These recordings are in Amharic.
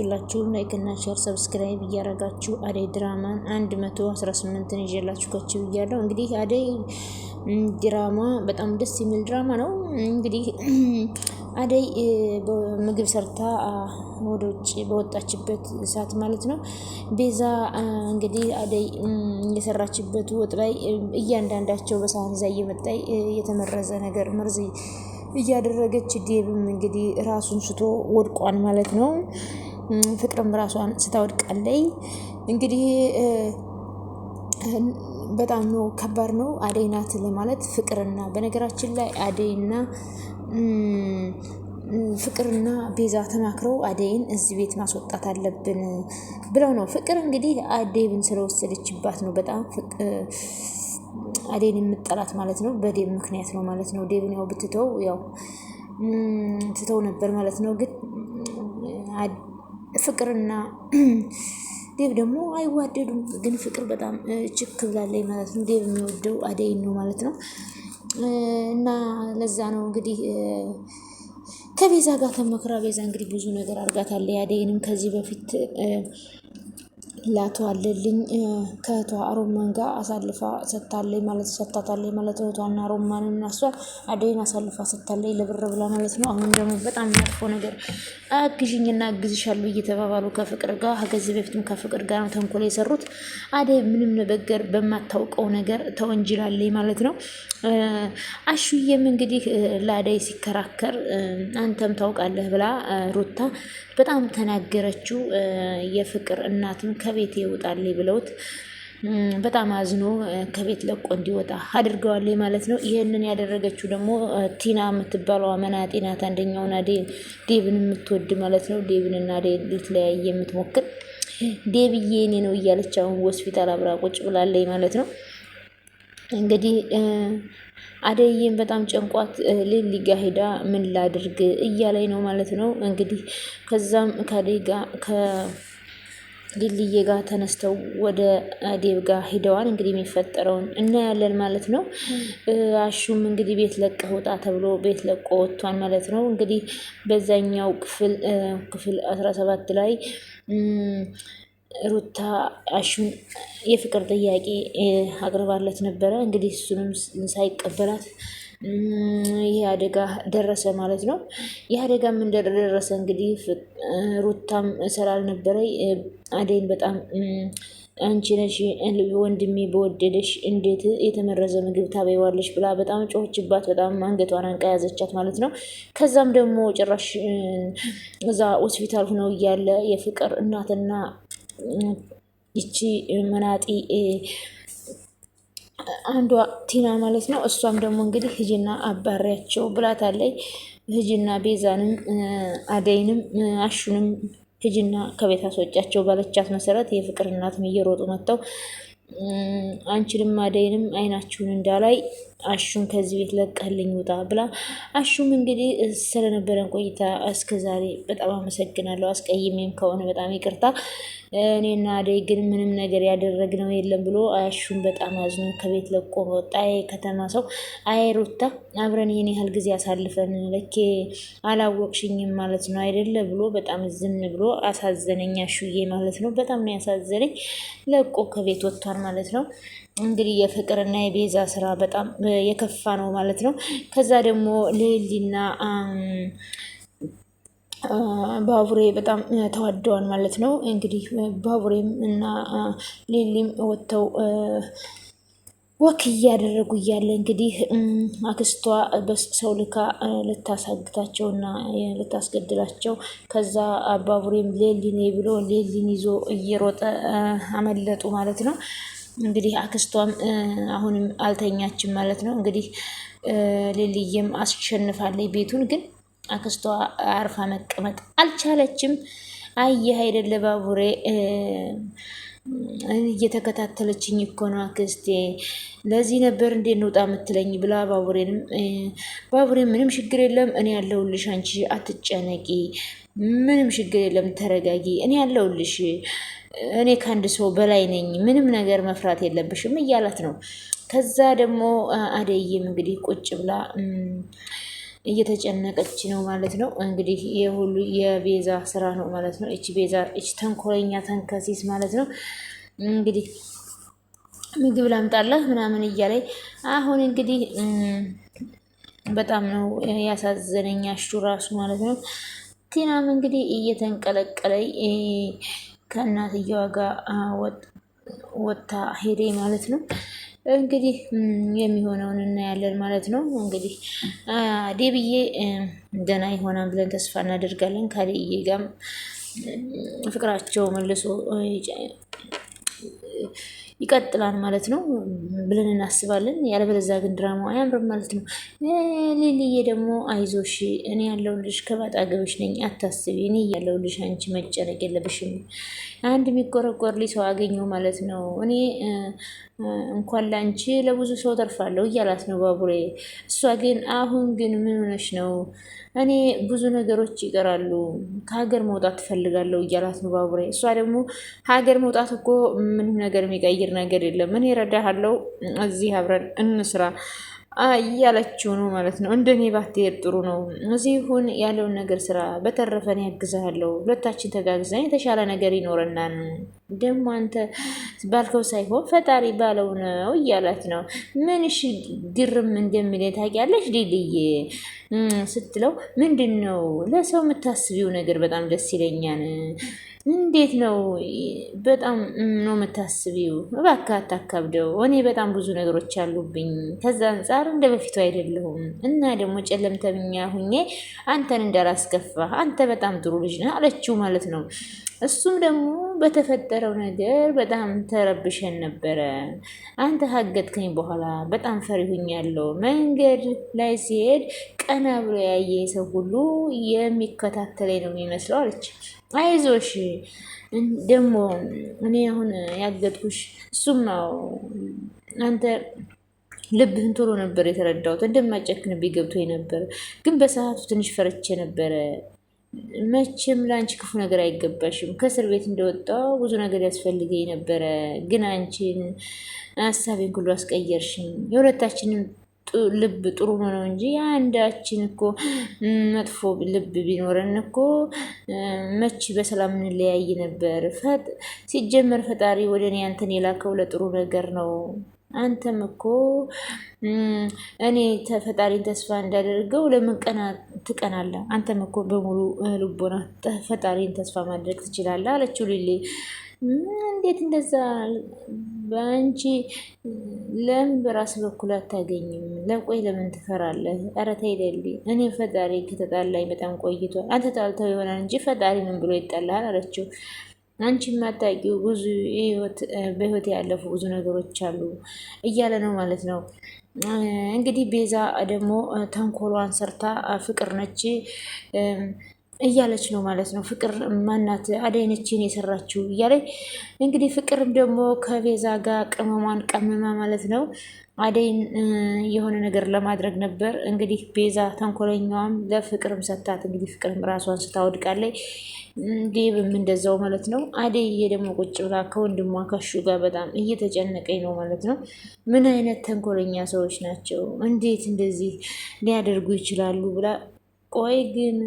ሁላችሁም ላይክ እና ሼር ሰብስክራይብ እያረጋችሁ አደይ ድራማን 118ን ይዤላችሁ ከች ብያለሁ። እንግዲህ አደይ ድራማ በጣም ደስ የሚል ድራማ ነው። እንግዲህ አደይ ምግብ ሰርታ ወደ ውጭ በወጣችበት ሰዓት ማለት ነው ቤዛ እንግዲህ አደይ የሰራችበት ወጥ ላይ እያንዳንዳቸው በሳህን ይዛ እየመጣ የተመረዘ ነገር መርዝ እያደረገች ዴብም እንግዲህ ራሱን ስቶ ወድቋን ማለት ነው። ፍቅርም ራሷን ስታወድቃለይ እንግዲህ በጣም ነው ከባድ ነው። አደይ ናት ለማለት ፍቅርና በነገራችን ላይ አደይና ፍቅርና ቤዛ ተማክረው አደይን እዚህ ቤት ማስወጣት አለብን ብለው ነው። ፍቅር እንግዲህ አደይብን ስለወሰደችባት ነው በጣም አደይን የምጠላት ማለት ነው። በዴብ ምክንያት ነው ማለት ነው። ዴብን ያው ብትተው ያው ትተው ነበር ማለት ነው ግን ፍቅርና ዴብ ደግሞ አይዋደዱም፣ ግን ፍቅር በጣም ችክ ብላለች ማለት ነው። ዴብ የሚወደው አደይን ነው ማለት ነው። እና ለዛ ነው እንግዲህ ከቤዛ ጋር ከመክራ ቤዛ እንግዲህ ብዙ ነገር አድርጋታለች። አደይንም ከዚህ በፊት ላቷ አለልኝ ከእህቷ ሮማን ጋር አሳልፋ ሰታለይ ማለት ሰታታለይ ማለት እህቷና ሮማን እና እሷ አደይን አሳልፋ ሰታለይ ለብር ብላ ማለት ነው። አሁን ደግሞ በጣም መጥፎ ነገር አግዥኝና አግዝሻለሁ እየተባባሉ ከፍቅር ጋር ከዚህ በፊትም ከፍቅር ጋር ነው ተንኮል የሰሩት። አደይ ምንም ነበገር በማታውቀው ነገር ተወንጅላለች ማለት ነው። አሹዬም እንግዲህ ለአደይ ሲከራከር አንተም ታውቃለህ ብላ ሩታ በጣም ተናገረችው። የፍቅር እናትም ከቤት ይውጣልኝ ብለውት በጣም አዝኖ ከቤት ለቆ እንዲወጣ አድርገዋለ ማለት ነው። ይህንን ያደረገችው ደግሞ ቲና የምትባለው መናጢ ናት። አንደኛውና ዴብን የምትወድ ማለት ነው። ዴብንና ልትለያይ የምትሞክር ዴብዬ እኔ ነው እያለች አሁን ሆስፒታል አብራ ቁጭ ብላለች ማለት ነው። እንግዲህ አደይም በጣም ጨንቋት ሌሊ ጋ ሄዳ ምን ላድርግ እያለኝ ነው ማለት ነው። እንግዲህ ከዛም ከአደይ ሊልዬ ጋር ተነስተው ወደ አዴብ ጋር ሂደዋል። እንግዲህ የሚፈጠረውን እናያለን ማለት ነው። አሹም እንግዲህ ቤት ለቀህ ውጣ ተብሎ ቤት ለቆ ወጥቷል ማለት ነው። እንግዲህ በዛኛው ክፍል ክፍል አስራ ሰባት ላይ ሩታ አሹን የፍቅር ጥያቄ አቅርባለት ነበረ። እንግዲህ እሱንም ሳይቀበላት ይህ አደጋ ደረሰ ማለት ነው። ይህ ምን ደረሰ እንግዲህ ሩታም ስላልነበረ አደይን በጣም አንቺ ነሽ ወንድሜ በወደደሽ እንዴት የተመረዘ ምግብ ታበይዋለሽ ብላ በጣም ጮችባት። በጣም አንገቷን አንቃ ያዘቻት ማለት ነው። ከዛም ደግሞ ጭራሽ እዛ ሆስፒታል ሆነው እያለ የፍቅር እናትና ይቺ መናጢ አንዷ ቲና ማለት ነው። እሷም ደግሞ እንግዲህ ህጅና አባሪያቸው ብላታለይ። ህጅና ቤዛንም አደይንም አሹንም ህጅና ከቤት አስወጫቸው ባለቻት መሰረት የፍቅር እናትም እየሮጡ መጥተው አንቺንም አደይንም አይናችሁን እንዳላይ አሹን ከዚህ ቤት ለቀልኝ ውጣ ብላ አሹም እንግዲህ ስለነበረን ቆይታ እስከ ዛሬ በጣም አመሰግናለሁ። አስቀይሜም ከሆነ በጣም ይቅርታ፣ እኔና አደይ ግን ምንም ነገር ያደረግነው የለም ብሎ አሹን በጣም አዝኖ ከቤት ለቆ ወጣ። ከተማ ሰው አይ አብረን ይህን ያህል ጊዜ አሳልፈን ለኬ አላወቅሽኝም ማለት ነው አይደለ ብሎ በጣም ዝም ብሎ አሳዘነኝ አሹዬ ማለት ነው። በጣም ነው ያሳዘነኝ። ለቆ ከቤት ወጥቷል ማለት ነው። እንግዲህ የፍቅርና የቤዛ ስራ በጣም የከፋ ነው ማለት ነው። ከዛ ደግሞ ሌሊና ባቡሬ በጣም ተዋደዋል ማለት ነው። እንግዲህ ባቡሬም እና ሌሊም ወጥተው ወክ እያደረጉ እያለ እንግዲህ አክስቷ ሰው ልካ ልታሳግታቸውና ልታስገድላቸው ከዛ ባቡሬም ሌሊኔ ብሎ ሌሊን ይዞ እየሮጠ አመለጡ ማለት ነው። እንግዲህ አክስቷም አሁንም አልተኛችም ማለት ነው። እንግዲህ ሌልዬም አስሸንፋለ ቤቱን። ግን አክስቷ አርፋ መቀመጥ አልቻለችም። አየህ አይደለ ባቡሬ እየተከታተለችኝ እኮ ነው አክስቴ፣ ለዚህ ነበር እንዴ እንውጣ የምትለኝ ብላ ባቡሬንም ባቡሬ ምንም ችግር የለም እኔ ያለሁልሽ፣ አንቺ አትጨነቂ፣ ምንም ችግር የለም ተረጋጊ፣ እኔ ያለሁልሽ እኔ ከአንድ ሰው በላይ ነኝ፣ ምንም ነገር መፍራት የለብሽም እያላት ነው። ከዛ ደግሞ አደይም እንግዲህ ቁጭ ብላ እየተጨነቀች ነው ማለት ነው። እንግዲህ የሁሉ የቤዛ ስራ ነው ማለት ነው። እች ቤዛ እች ተንኮለኛ ተንከሲስ ማለት ነው እንግዲህ ምግብ ላምጣለህ ምናምን እያለ አሁን እንግዲህ በጣም ነው ያሳዘነኛ አሹ ራሱ ማለት ነው። ቲናም እንግዲህ እየተንቀለቀለይ ከእናትየዋ ጋር ወጥታ ሄዴ ማለት ነው። እንግዲህ የሚሆነውን እናያለን ማለት ነው። እንግዲህ ዴብዬ ደህና ይሆናል ብለን ተስፋ እናደርጋለን። ከዴዬ ጋርም ፍቅራቸው መልሶ ይቀጥላል ማለት ነው ብለን እናስባለን። ያለበለዚያ ግን ድራማ አያምርም ማለት ነው። ልልየ ደግሞ አይዞሽ፣ እኔ ያለሁልሽ፣ ከአጠገብሽ ነኝ፣ አታስቢ፣ እኔ ያለሁልሽ፣ አንቺ መጨነቅ የለብሽም። አንድ የሚቆረቆር ሰው አገኘው ማለት ነው እኔ እንኳን ለአንቺ ለብዙ ሰው ተርፋለሁ እያላት ነው ባቡሬ። እሷ ግን አሁን ግን ምን ሆነሽ ነው? እኔ ብዙ ነገሮች ይቀራሉ፣ ከሀገር መውጣት ትፈልጋለሁ እያላት ነው ባቡሬ። እሷ ደግሞ ሀገር መውጣት እኮ ምንም ነገር የሚቀይር ነገር የለም፣ እኔ እረዳሃለሁ፣ እዚህ አብረን እንስራ እያለችው ነው ማለት ነው። እንደኔ ባትሄድ ጥሩ ነው። እዚህ ሁን ያለውን ነገር ስራ፣ በተረፈን ያግዛለሁ። ሁለታችን ተጋግዘን የተሻለ ነገር ይኖረናል። ደግሞ አንተ ባልከው ሳይሆን ፈጣሪ ባለው ነው እያላት ነው። ምንሽ ግርም እንደሚል ታውቂያለሽ ሊልዬ ስትለው፣ ምንድን ነው ለሰው የምታስቢው ነገር በጣም ደስ ይለኛል እንዴት ነው? በጣም ነው የምታስቢው። እባክህ አታካብደው። እኔ በጣም ብዙ ነገሮች አሉብኝ። ከዛ አንጻር እንደ በፊቱ አይደለሁም እና ደግሞ ጨለምተኛ ሁኜ አንተን እንዳላስከፋ አንተ በጣም ጥሩ ልጅ ነህ አለችው ማለት ነው። እሱም ደግሞ በተፈጠረው ነገር በጣም ተረብሸን ነበረ። አንተ ሀገትከኝ በኋላ በጣም ፈሪ ሁኛለሁ። መንገድ ላይ ሲሄድ ቀና ብሎ ያየ ሰው ሁሉ የሚከታተለኝ ነው የሚመስለው አለች። አይዞሽ ደግሞ እኔ አሁን ያገጥኩሽ እሱም ነው አንተ ልብህን ቶሎ ነበር የተረዳሁት። እንደማጨክን ቢገብቶ ነበር፣ ግን በሰዓቱ ትንሽ ፈርቼ ነበረ። መቼም ለአንቺ ክፉ ነገር አይገባሽም። ከእስር ቤት እንደወጣው ብዙ ነገር ያስፈልገኝ ነበረ፣ ግን አንቺን ሀሳቤን ሁሉ አስቀየርሽኝ። የሁለታችንም ልብ ጥሩ ሆኖ እንጂ የአንዳችን እኮ መጥፎ ልብ ቢኖረን እኮ መቼ በሰላም እንለያይ ነበር። ሲጀመር ፈጣሪ ወደ እኔ አንተን የላከው ለጥሩ ነገር ነው። አንተም እኮ እኔ ፈጣሪን ተስፋ እንዳደርገው ለምን ቀና አንተም እኮ በሙሉ ልቦና ፈጣሪን ተስፋ ማድረግ ትችላለ አለችው ሊሌ። እንዴት እንደዛ በአንቺ ለምን በራስ በኩል አታገኝም? ለቆይ ለምን ትፈራለህ? ኧረ ተይ ሌሊ፣ እኔ ፈጣሪ ከተጣላኝ በጣም ቆይቷል። አንተ ጣልተው ይሆናል እንጂ ፈጣሪ ምን ብሎ ይጠላል አለችው። አንቺ የማታውቂው ብዙ በህይወት ያለፉ ብዙ ነገሮች አሉ እያለ ነው ማለት ነው። እንግዲህ ቤዛ ደግሞ ተንኮሏን ሰርታ ፍቅር ነች እያለች ነው ማለት ነው። ፍቅር ማናት አደይነችን የሰራችው እያለች እንግዲህ ፍቅርም ደግሞ ከቤዛ ጋር ቅመሟን ቀመማ ማለት ነው። አደይን የሆነ ነገር ለማድረግ ነበር እንግዲህ ቤዛ ተንኮለኛዋም ለፍቅርም ሰታት እንግዲህ ፍቅርም ራሷን ስታወድቃለች፣ ዴብም እንደዛው ማለት ነው። አደይ ደግሞ ቁጭ ብላ ከወንድሟ ከሹ ጋር በጣም እየተጨነቀኝ ነው ማለት ነው። ምን አይነት ተንኮለኛ ሰዎች ናቸው? እንዴት እንደዚህ ሊያደርጉ ይችላሉ ብላ ቆይ ግን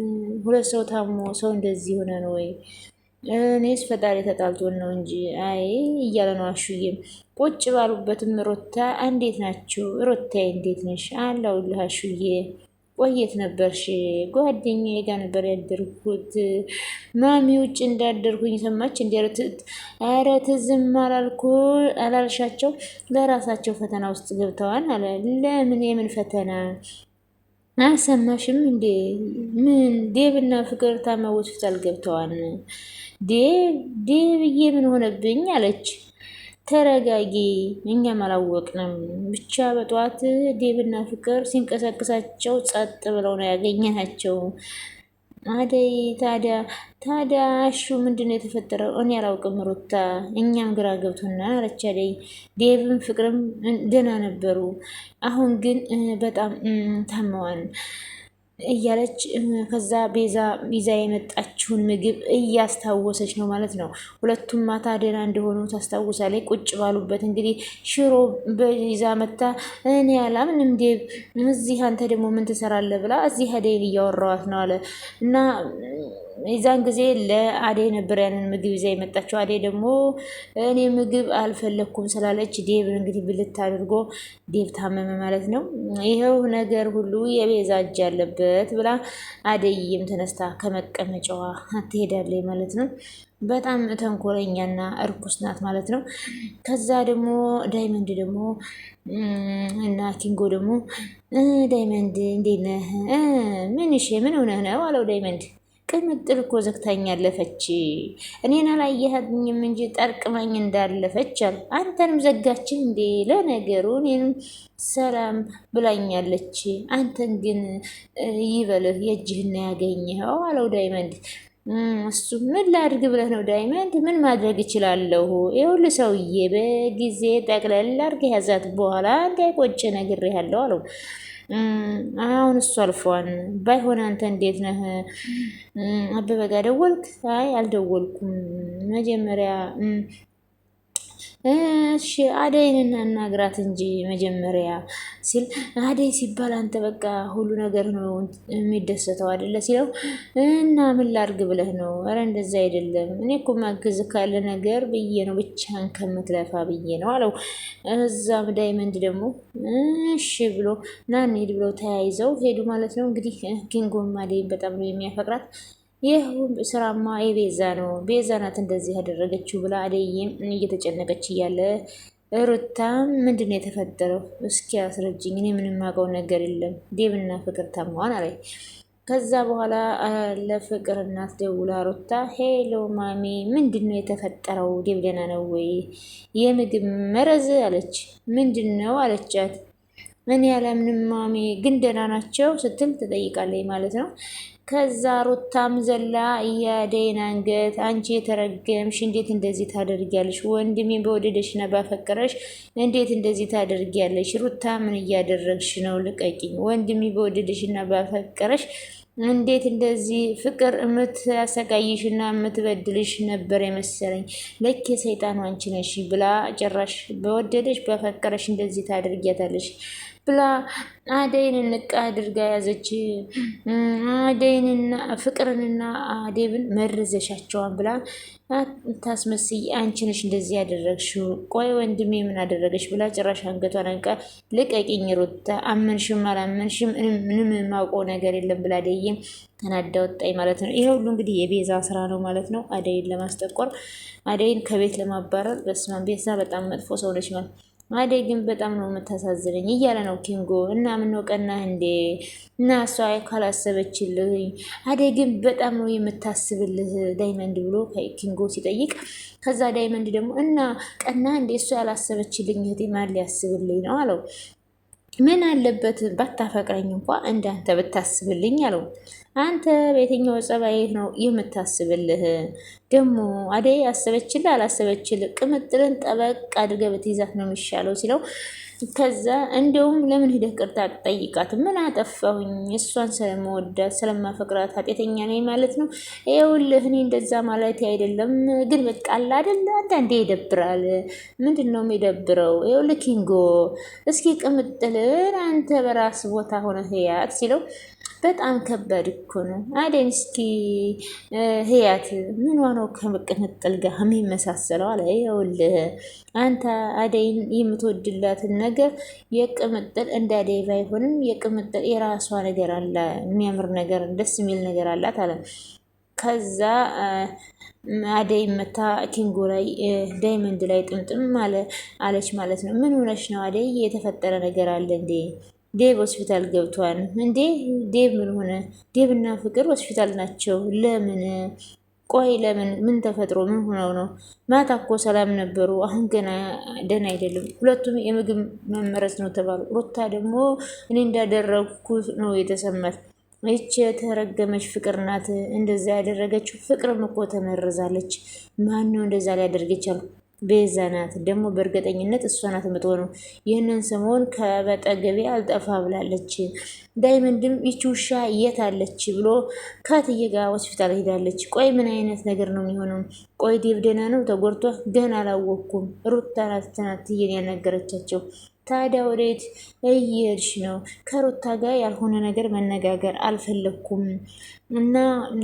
ሁለት ሰው ታሞ ሰው እንደዚህ ነው ወይ? እኔስ ፈጣሪ ተጣልቶን ነው እንጂ አይ እያለ ነው አሹዬም። ቁጭ ባሉበትም ሮታ እንዴት ናችሁ? ሮታዬ እንዴት ነሽ? አለሁልህ አሹዬ። ቆየት ነበርሽ? ጓደኛዬ ጋር ነበር ያደርኩት። ማሚ ውጭ እንዳደርኩኝ ሰማች። እንዲያረትት ኧረ ትዝም አላልኩ አላልሻቸው። ለራሳቸው ፈተና ውስጥ ገብተዋል አለ። ለምን የምን ፈተና? አሰማሽም እንዴ? ምን ዴብና ፍቅር ታማ ሆስፒታል ገብተዋል። ዴብዬ ምን ሆነብኝ አለች። ተረጋጊ፣ እኛም አላወቅንም። ብቻ በጠዋት ዴብና ፍቅር ሲንቀሳቀሳቸው ጸጥ ብለው ነው ያገኘናቸው። አደይ ታዲያ ታዲያ እሹ ምንድን ነው የተፈጠረው? እኔ አላውቅም ሩታ፣ እኛም ግራ ገብቶና አለች አደይ። ዴቭም ፍቅርም ደህና ነበሩ፣ አሁን ግን በጣም ታመዋል። እያለች ከዛ ቤዛ ይዛ የመጣችውን ምግብ እያስታወሰች ነው ማለት ነው። ሁለቱም ማታ ደህና እንደሆኑ ታስታውሳለች። ቁጭ ባሉበት እንግዲህ ሽሮ በይዛ መታ እኔ አላምንም ዴብ እዚህ አንተ ደግሞ ምን ትሰራለህ ብላ እዚህ አደይን እያወራዋት ነው አለ እና የዛን ጊዜ ለአዴ ነበር ያንን ምግብ ይዛ የመጣችው። አዴ ደግሞ እኔ ምግብ አልፈለግኩም ስላለች ዴብ እንግዲህ ብልት አድርጎ ዴብ ታመመ ማለት ነው። ይኸው ነገር ሁሉ የቤዛ እጅ አለበት ብላ አደይም ተነስታ ከመቀመጫዋ ትሄዳለች ማለት ነው። በጣም ተንኮለኛና እርኩስ ናት ማለት ነው። ከዛ ደግሞ ዳይመንድ ደግሞ እና ኪንጎ ደግሞ ዳይመንድ እንዴት ነህ? ምን ሽ ምን ሆነህ ነው አለው ዳይመንድ ቅምጥል እኮ ዘግታኝ ያለፈች እኔን አላየኸኝም እንጂ ጠርቅመኝ እንዳለፈች አሉ። አንተንም ዘጋች እንዴ? ለነገሩ እኔንም ሰላም ብላኛለች። አንተን ግን ይበልህ የእጅህና ያገኘኸው አለው ዳይመንድ። እሱ ምን ላድርግ ብለህ ነው ዳይመንድ? ምን ማድረግ እችላለሁ? ይኸውልህ ሰውዬ በጊዜ ጠቅለል አድርገህ ያዛት፣ በኋላ እንዳይቆጭ ነግሬሃለሁ አለው አሁን እሱ አልፏን ባይሆን አንተ እንዴት ነህ አበበ ደወልክ? አይ አልደወልኩም። መጀመሪያ እሺ አደይን እናናግራት እንጂ መጀመሪያ ሲል አደይ ሲባል አንተ በቃ ሁሉ ነገር ነው የሚደሰተው አይደለ ሲለው እና ምን ላርግ ብለህ ነው? ኧረ እንደዛ አይደለም እኔ እኮ ማግዝ ካለ ነገር ብዬ ነው ብቻን ከምትለፋ ብዬ ነው አለው። እዛም ዳይመንድ ደግሞ እሺ ብሎ ና እንሂድ ብለው ተያይዘው ሄዱ ማለት ነው። እንግዲህ ኪንጎም አደይን በጣም ነው የሚያፈቅራት። ይህ ስራማ የቤዛ ነው፣ ቤዛ ናት እንደዚህ ያደረገችው ብላ አደይም እየተጨነቀች እያለ ሩታ ምንድን ነው የተፈጠረው? እስኪ አስረጅኝ፣ እኔ ምንም አውቀው ነገር የለም። ዴብና ፍቅር ታሟን አለ። ከዛ በኋላ ለፍቅር እናት ደውላ ሩታ ሄሎ ማሚ፣ ምንድን ነው የተፈጠረው? ዴብ ደህና ነው ወይ? የምግብ መረዝ አለች። ምንድን ነው አለቻት። እኔ ያለምንም ማሚ ግን ደህና ናቸው ስትል ትጠይቃለች ማለት ነው ከዛ ሩታም ዘላ እያደይን አንገት አንቺ የተረገምሽ እንዴት እንደዚህ ታደርጊያለሽ? ወንድሜ በወደደሽና ባፈቀረሽ እንዴት እንደዚህ ታደርጊያለሽ? ሩታ ምን እያደረግሽ ነው? ልቀቂኝ። ወንድሜ በወደደሽና ባፈቀረሽ እንዴት እንደዚህ ፍቅር የምታሰቃይሽና የምትበድልሽ ነበር የመሰለኝ። ለኬ ሰይጣን አንቺ ነሽ ብላ ጭራሽ በወደደሽ በፈቀረሽ እንደዚህ ታደርጊያታለሽ። ብላ አደይን ንቅ አድርጋ ያዘች። አደይንና ፍቅርንና አዴብን መርዘሻቸዋን ብላ ታስመስይ አንቺ ነሽ እንደዚህ ያደረግሽው። ቆይ ወንድሜ ምን አደረገች ብላ ጭራሽ አንገቷን አንቃ ልቀቂኝ ሩታ፣ አመንሽም አላመንሽም ምንም የማውቀው ነገር የለም ብላ አደይም ተናዳ ወጣኝ ማለት ነው። ይሄ ሁሉ እንግዲህ የቤዛ ስራ ነው ማለት ነው። አደይን ለማስጠቆር፣ አደይን ከቤት ለማባረር። በስመ አብ ቤዛ በጣም መጥፎ ሰው ነች ማለት አደይ ግን በጣም ነው የምታሳዝነኝ እያለ ነው ኪንጎ። እና ምነው ቀና እንዴ? እና እሷ ካላሰበችልኝ። አደይ ግን በጣም ነው የምታስብልህ ዳይመንድ ብሎ ኪንጎ ሲጠይቅ፣ ከዛ ዳይመንድ ደግሞ እና ቀና እንዴ? እሷ ያላሰበችልኝ እህቴ ማን ሊያስብልኝ ነው አለው። ምን አለበት ባታፈቅረኝ እንኳ እንዳንተ ብታስብልኝ አለው። አንተ በየትኛው ጸባይ ነው የምታስብልህ? ደግሞ አደይ አሰበችል አላሰበችል ቅምጥልን ጠበቅ አድርገህ በትይዛት ነው የሚሻለው ሲለው ከዛ እንደውም ለምን ሂደህ ቅርታ ጠይቃት ምን አጠፋሁኝ? እሷን ስለመወዳት ስለማፈቅራት ኃጢአተኛ ነኝ ማለት ነው? ይኸውልህ እኔ እንደዛ ማለት አይደለም ግን በቃ አደለ። አንዳንዴ ይደብራል። ምንድን ነው የሚደብረው? ይኸውልህ ኪንጎ እስኪ ቅምጥልን አንተ በራስ ቦታ ሆነህ ያት ሲለው በጣም ከባድ እኮ ነው። አደን እስኪ ህያት ምን ነው ከቅምጥል ጋር የሚመሳሰለው አለ። ይኸውልህ አንተ አደይን የምትወድላትን ነገር የቅምጥል እንደ አደይ ባይሆንም የቅምጥል የራሷ ነገር አለ፣ የሚያምር ነገር፣ ደስ የሚል ነገር አላት አለ። ከዛ አደይ መታ ኪንጎ ላይ ዳይመንድ ላይ ጥምጥም አለች ማለት ነው። ምን ሆነች ነው አደይ? የተፈጠረ ነገር አለ እንዴ? ዴቭ ሆስፒታል ገብቷል እንዴ? ዴቭ ምን ሆነ? ዴቭ እና ፍቅር ሆስፒታል ናቸው። ለምን? ቆይ ለምን? ምን ተፈጥሮ ምን ሆነው ነው? ማታ እኮ ሰላም ነበሩ። አሁን ገና ደህና አይደለም። ሁለቱም የምግብ መመረዝ ነው ተባሉ። ሮታ ደግሞ እኔ እንዳደረግኩ ነው የተሰማት። ይች የተረገመች ፍቅር ናት እንደዛ ያደረገችው። ፍቅርም እኮ ተመርዛለች። ማን ነው እንደዛ ሊያደርግ ይቻል? ቤዛ ናት። ደግሞ በእርግጠኝነት እሷ ናት የምትሆነው። ይህንን ሰሞን ከበጠገቤ አልጠፋ ብላለች። ዳይመንድም ይቺ ውሻ የት አለች ብሎ ካትየጋ ጋር ሆስፒታል ሄዳለች። ቆይ ምን አይነት ነገር ነው የሚሆነው? ቆይ ዴብ ደህና ነው? ተጎድቶ ገና አላወቅኩም። ሩታ ናት ትዬን ታዲያ ወዴት እየሄድሽ ነው? ከሩታ ጋር ያልሆነ ነገር መነጋገር አልፈለግኩም እና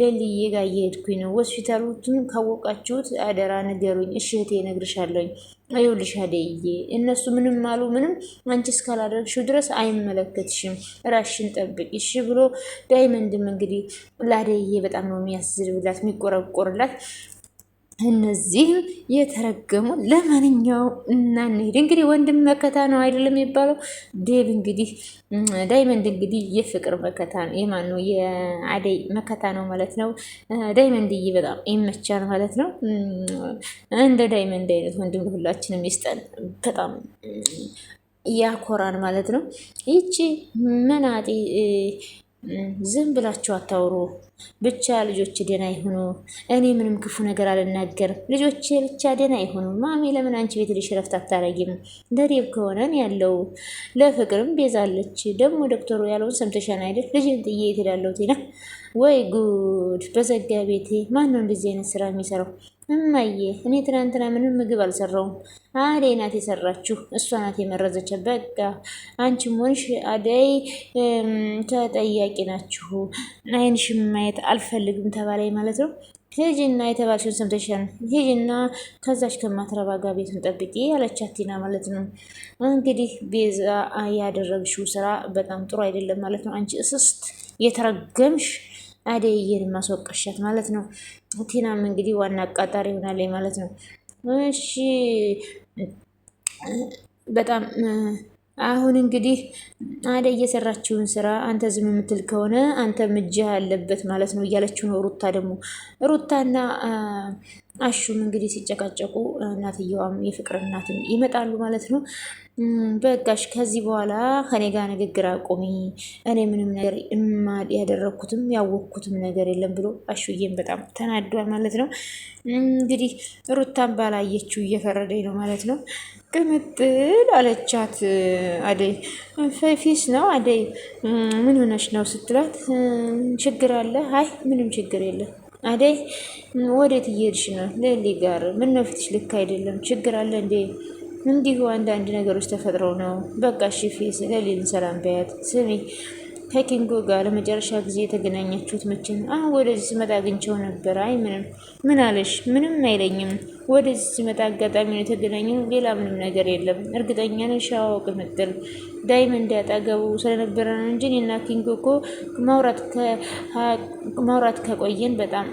ሌልዬ ጋር እየሄድኩኝ ነው። ሆስፒታሉትን ካወቃችሁት አደራ ንገሩኝ። እሺ እህቴ እነግርሻለሁኝ። ይኸውልሽ አደይዬ እነሱ ምንም አሉ ምንም፣ አንቺ እስካላደረግሽው ድረስ አይመለከትሽም፣ ራሽን ጠብቅ እሺ ብሎ ዳይመንድም እንግዲህ ለአደይዬ በጣም ነው የሚያስዝብላት የሚቆረቆርላት እነዚህም የተረገሙ ለማንኛው እና እንግዲህ ወንድም መከታ ነው አይደለም የሚባለው። ዴብ እንግዲህ ዳይመንድ እንግዲህ የፍቅር መከታ ነው የማን ነው የአደይ መከታ ነው ማለት ነው። ዳይመንድ እይ በጣም ይመቻል ማለት ነው። እንደ ዳይመንድ አይነት ወንድም ሁላችንም ይስጠን በጣም ያኮራን ማለት ነው። ይቺ መናጤ ዝም ብላችሁ አታውሩ። ብቻ ልጆች ደህና ይሁኑ። እኔ ምንም ክፉ ነገር አልናገርም። ልጆች ብቻ ደህና ይሁኑ። ማሚ ለምን አንቺ ቤት ልሽ ረፍት አታረጊም? ለዴብ ከሆነን ያለው ለፍቅርም ቤዛለች። ደግሞ ዶክተሩ ያለውን ሰምተሻን አይደል? ልጅን ጥዬ የት ቴና ወይ ጉድ! በዘጋ ቤቴ ማን ነው እንደዚህ አይነት ስራ የሚሰራው? እማዬ እኔ ትናንትና ምንም ምግብ አልሰራውም። አደይ ናት የሰራችሁ፣ እሷ ናት የመረዘች። በቃ አንቺም ሆንሽ አደይ ተጠያቂ ናችሁ። አይንሽ ማየት አልፈልግም ተባላይ ማለት ነው። ሄጅና የተባልሽን ሰምተሻል። ሄጅና ከዛች ከማትረባ ጋር ቤቱን ጠብቂ ያለቻት ቲና ማለት ነው። እንግዲህ ቤዛ ያደረግሽው ስራ በጣም ጥሩ አይደለም ማለት ነው። አንቺ እስስት የተረገምሽ አደይን ማስወቀሻት ማለት ነው። ቲናም እንግዲህ ዋና አቃጣሪ ይሆናል ማለት ነው። እሺ በጣም አሁን እንግዲህ አደይ እየሰራችውን ስራ አንተ ዝም የምትል ከሆነ አንተ ምጃ አለበት ማለት ነው እያለችው ነው። ሩታ ደግሞ ሩታና አሹም እንግዲህ ሲጨቃጨቁ እናትየዋም የፍቅር እናትም ይመጣሉ ማለት ነው። በጋሽ ከዚህ በኋላ ከኔ ጋር ንግግር አቁሚ፣ እኔ ምንም ነገር ያደረግኩትም ያወቅኩትም ነገር የለም ብሎ አሹዬም በጣም ተናዷል ማለት ነው። እንግዲህ ሩታን ባላየችው እየፈረደኝ ነው ማለት ነው። ቅምጥል አለቻት አደይ ፌፊስ ነው አደይ ምን ሆነች ነው ስትላት ችግር አለ? አይ ምንም ችግር የለም አደይ ወዴት እየሄድሽ ነው? ሌሊ ጋር ምን ነው ፊትሽ ልክ አይደለም። ችግር አለ እንዴ? እንዲሁ አንዳንድ ነገሮች ተፈጥረው ነው። በቃ እሺ ፊት ሌሊን ሰላም በያት። ስሚ ከኪንጎ ጋር ለመጨረሻ ጊዜ የተገናኘችሁት መቼ ነው? አሁን ወደዚህ ስመጣ አግኝቸው ነበር። አይ ምንም ምን አለሽ? ምንም አይለኝም። ወደዚህ ስመጣ አጋጣሚ ነው የተገናኘው፣ ሌላ ምንም ነገር የለም። እርግጠኛ ነሽ? አዎ ቅምጥል ዳይመንድ ያጠገቡ ስለነበረ ነው እንጂ እኔና ኪንጎ እኮ ማውራት ከቆየን በጣም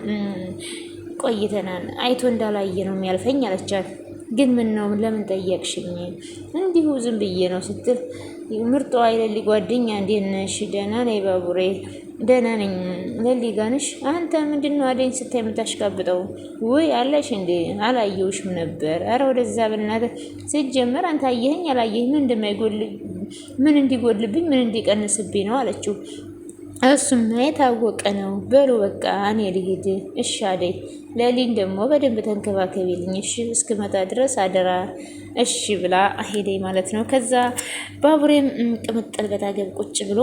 ቆይተናል። አይቶ እንዳላየ ነው የሚያልፈኝ አለቻት። ግን ምን ነው ለምን ጠየቅሽኝ? እንዲሁ ዝም ብዬ ነው ስትል ምርጦ አይለሊ ጓደኛ እንዴት ነሽ? ደህና ነኝ ባቡሬ፣ ደህና ነኝ። ለሊ አንተ ምንድን ነው አደኝ ስታይ የምታሽቀብጠው? ውይ አለሽ እንዴ? አላየውሽም ነበር። አረ ወደዛ ብናትህ። ስጀመር አንተ አየኸኝ አላየኸኝ ምን እንደማይጎል ምን እንዲጎልብኝ ምን እንዲቀንስብኝ ነው አለችው። እሱማ የታወቀ ነው። በሉ በቃ እኔ ልሂድ። እሺ አደይ፣ ለሊን ደግሞ በደንብ ተንከባከቢልኝ እሺ፣ እስክመጣ ድረስ አደራ እሺ ብላ ሄደይ ማለት ነው። ከዛ ባቡሬም ቅምጥል በታገብ ቁጭ ብሎ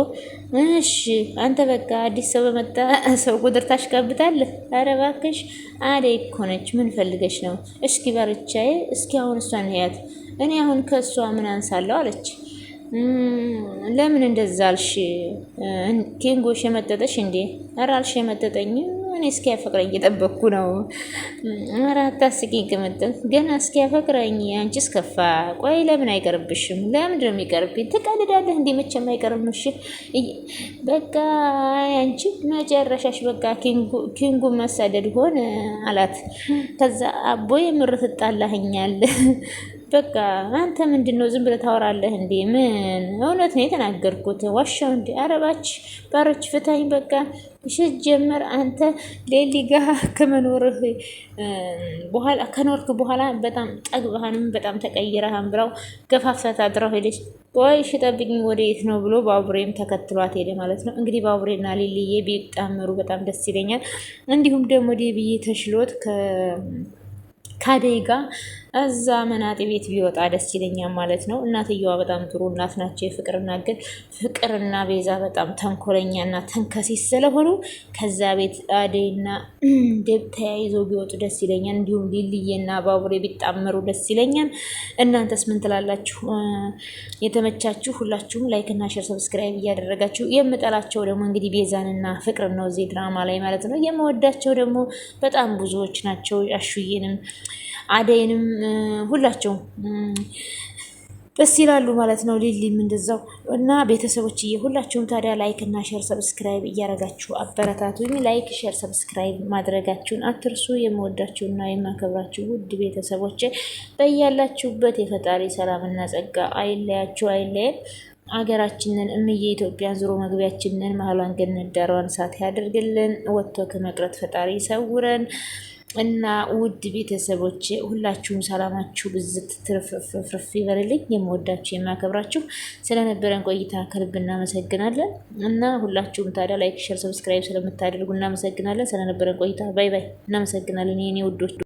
እሺ፣ አንተ በቃ አዲስ ሰው በመጣ ሰው ቁጥር ታሽጋብታለህ። ኧረ እባክሽ አደይ እኮ ነች። ምን ፈልገሽ ነው? እስኪ ባርቻዬ፣ እስኪ አሁን እሷን ያት። እኔ አሁን ከእሷ ምን አንሳለሁ አለች ለምን እንደዛ አልሽ? ኬንጎ ሸመጠጠሽ እንዴ? ኧረ አልሸመጠጠኝም። እኔ እስኪ እስኪያፈቅረኝ እየጠበኩ ነው። ኧረ አታስቂኝ ቅምጥል፣ ገና እስኪ እስኪያፈቅረኝ አንቺ ከፋ። ቆይ ለምን አይቀርብሽም? ለምንድን ነው የሚቀርብኝ? ትቀልዳለህ እንዴ? መቼም አይቀርብሽ። በቃ አንቺ መጨረሻሽ በቃ ኬንጎን ማሳደድ ሆነ አላት። ከዛ አቦ የምር ትጣላኸኛል በቃ አንተ ምንድን ነው ዝም ብለህ ታወራለህ እንዴ? ምን እውነት ነው የተናገርኩት? ዋሻው እንዲ አረባች ባሮች ፍታኝ። በቃ ሲጀመር አንተ ሌሊ ጋ ከመኖርህ በኋላ ከኖርክ በኋላ በጣም ጠግብሃንም በጣም ተቀይረሃን ብለው ገፋፍሳት አድረው ሄደች። ወይ ሽጠብኝ ወደ የት ነው ብሎ ባቡሬም ተከትሏት ሄደ ማለት ነው። እንግዲህ ባቡሬና ሌሊዬ ቢጣመሩ በጣም ደስ ይለኛል። እንዲሁም ደግሞ ዴብዬ ተሽሎት ከአደይ ጋር እዛ መናጤ ቤት ቢወጣ ደስ ይለኛል ማለት ነው። እናትየዋ በጣም ጥሩ እናት ናቸው። የፍቅርና ግን ፍቅርና ቤዛ በጣም ተንኮለኛና ተንከሴስ ስለሆኑ ከዛ ቤት አደይና ደብ ተያይዞ ቢወጡ ደስ ይለኛል። እንዲሁም ሊልዬና ባቡሬ ቢጣመሩ ደስ ይለኛል። እናንተስ ምን ትላላችሁ? የተመቻችሁ ሁላችሁም ላይክና ሼር ሰብስክራይብ እያደረጋችሁ የምጠላቸው ደግሞ እንግዲህ ቤዛንና ፍቅር ነው እዚህ ድራማ ላይ ማለት ነው። የምወዳቸው ደግሞ በጣም ብዙዎች ናቸው። አሹዬንም አደይንም ሁላቸው ደስ ይላሉ ማለት ነው። ሊሊም እንደዛው እና ቤተሰቦችዬ ሁላችሁም ታዲያ ላይክ እና ሼር ሰብስክራይብ እያረጋችሁ አበረታቱኝ። ላይክ ሼር ሰብስክራይብ ማድረጋችሁን አትርሱ። የምወዳችሁ እና የማከብራችሁ ውድ ቤተሰቦች በያላችሁበት የፈጣሪ ሰላም እና ጸጋ አይለያችሁ አይለየን። አገራችንን እምዬ ኢትዮጵያን ዙሮ መግቢያችንን መሀሏን ገነት ዳሯን ሳት ያደርግልን። ወጥቶ ከመቅረት ፈጣሪ ይሰውረን። እና ውድ ቤተሰቦች ሁላችሁም ሰላማችሁ ብዝት ትርፍርፍ ይበልልኝ። የምወዳችሁ የማከብራችሁ ስለነበረን ቆይታ ከልብ እናመሰግናለን። እና ሁላችሁም ታዲያ ላይክ፣ ሸር፣ ሰብስክራይብ ስለምታደርጉ እናመሰግናለን። ስለነበረን ቆይታ ባይ ባይ። እናመሰግናለን የኔ ውዶች።